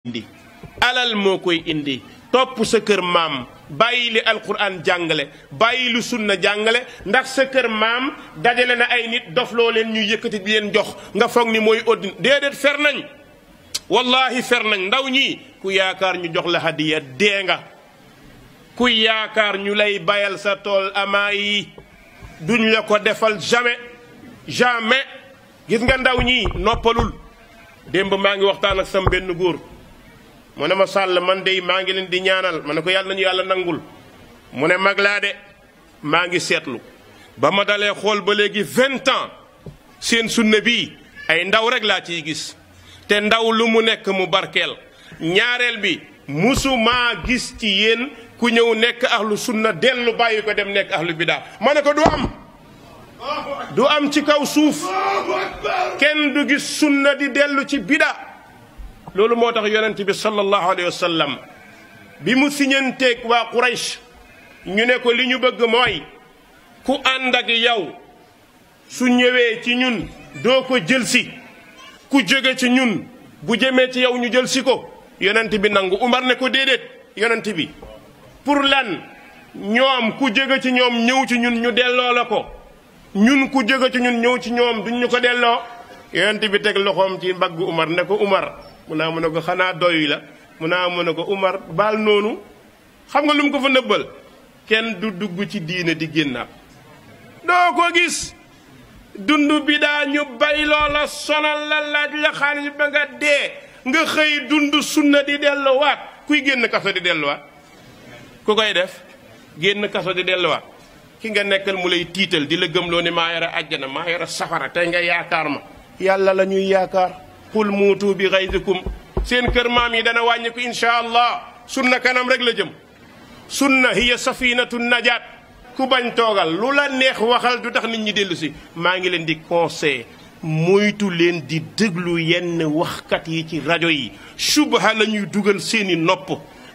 indi alal moo koy indi topp sa kër maam bàyyi li alquran jàngale bàyyi lu na jàngale ndax sa kër maam dajale na ay nit dof loo leen ñu yëkkati di leen jox nga foog ni mooy addina déedéet fer nañ wallahi fer nañ ndaw ñi ku yaakaar ñu jox la hadiya dee nga ku yaakaar ñu lay bayal sa tool amaa yi duñ la ko defal jamais jamais gis nga ndaw ñi noppalul démb maa ngi waxtaan ak sam benn góor mu ne ma sàll man dey maa ngi leen di ñaanal ma ne ko yàlla nañu yàlla nangul mu ne mag laa de maa ngi seetlu ba ma dalee xool ba léegi vingt ans seen sunna bi ay ndaw rek laa ciy gis te ndaw lu mu nekk mu barkeel ñaareel bi musu maa gis ci yéen ku ñëw nekk ahlu sunna dellu bàyyi ko dem nekk ahlu bidaa ma ne ko du am du am ci kaw suuf kenn du gis sunna di dellu ci bidaa loolu moo tax yonent bi sallallahu alayhi wa sallam bi mu siñanteeg waa Quraysh ñu ne ko li ñu bëgg mooy ku àndak ak yow su ñëwee ci ñun doo ko jël si ku jóge ci ñun bu jëmee ci yow ñu jël si ko yonent bi nangu Umar ne ko déedéet yonent bi pour lan ñoom ku jóge ci ñoom ñëw ci ñun ñu delloo la ko ñun ku jóge ci ñun ñëw ci ñoom duñ ñu ko delloo yonent bi teg loxoom ci mbaggu Umar ne ko Umar mun naa mu ne ko xanaa doy la mun naa mu ne ko Umar baal noonu xam nga lu mu ko fa nëbbal kenn du dugg ci diine di génnaat doo ko gis dund bi daa ñu bay loola sonal la laaj la xaalis ba nga dee nga xëy dund sunna di delluwaat kuy génn kaso di delluwaat ku koy def génn kaso di delluwaat ki nga nekkal mu lay tiital di la gëmloo ni maa yore àjjana maa yore safara tey nga yaakaar ma yàlla la ñuy yaakaar قل موتوا بغيظكم سين كير مامي دانا واغنيكو ان شاء الله سنة كانام رك لا جيم سنة هي سفينة النجاة كو باغ توغال لولا نيه واخال دو تخ نيت ني ديلوسي ماغي لين دي كونسي مويتو لين دي دغلو ين واخ يي تي راديو يي شبه لا نيو دوغال سيني نوب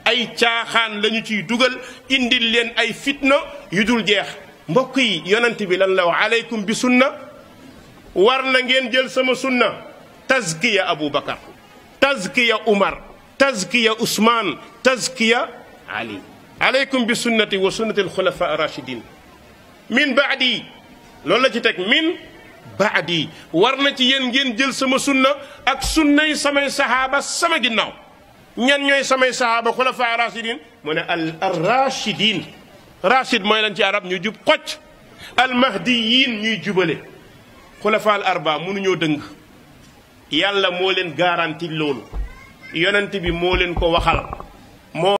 اي تياخان لا نيو تي دوغال انديل لين اي فتنه يدول جيخ مبوكي يونتي بي لان لو عليكم بسنه ورنا نجيل سما سنه تزكية أبو بكر تزكية عمر تزكية عثمان تزكية علي عليكم بسنتي وسنة الخلفاء الراشدين من بعدي لولا تك من بعدي ورنا تي ين ген جيل سما سنة اك سنة سما صحابة سما جناو ñan ñoy samay sahaba khulafa rashidin mune al rashidin rashid moy lan ci arab ñu jub xocc al mahdiyin ñuy jubale khulafa al arba ñoo yàlla moo leen garanti loolu yonent bi moo leen ko waxal moo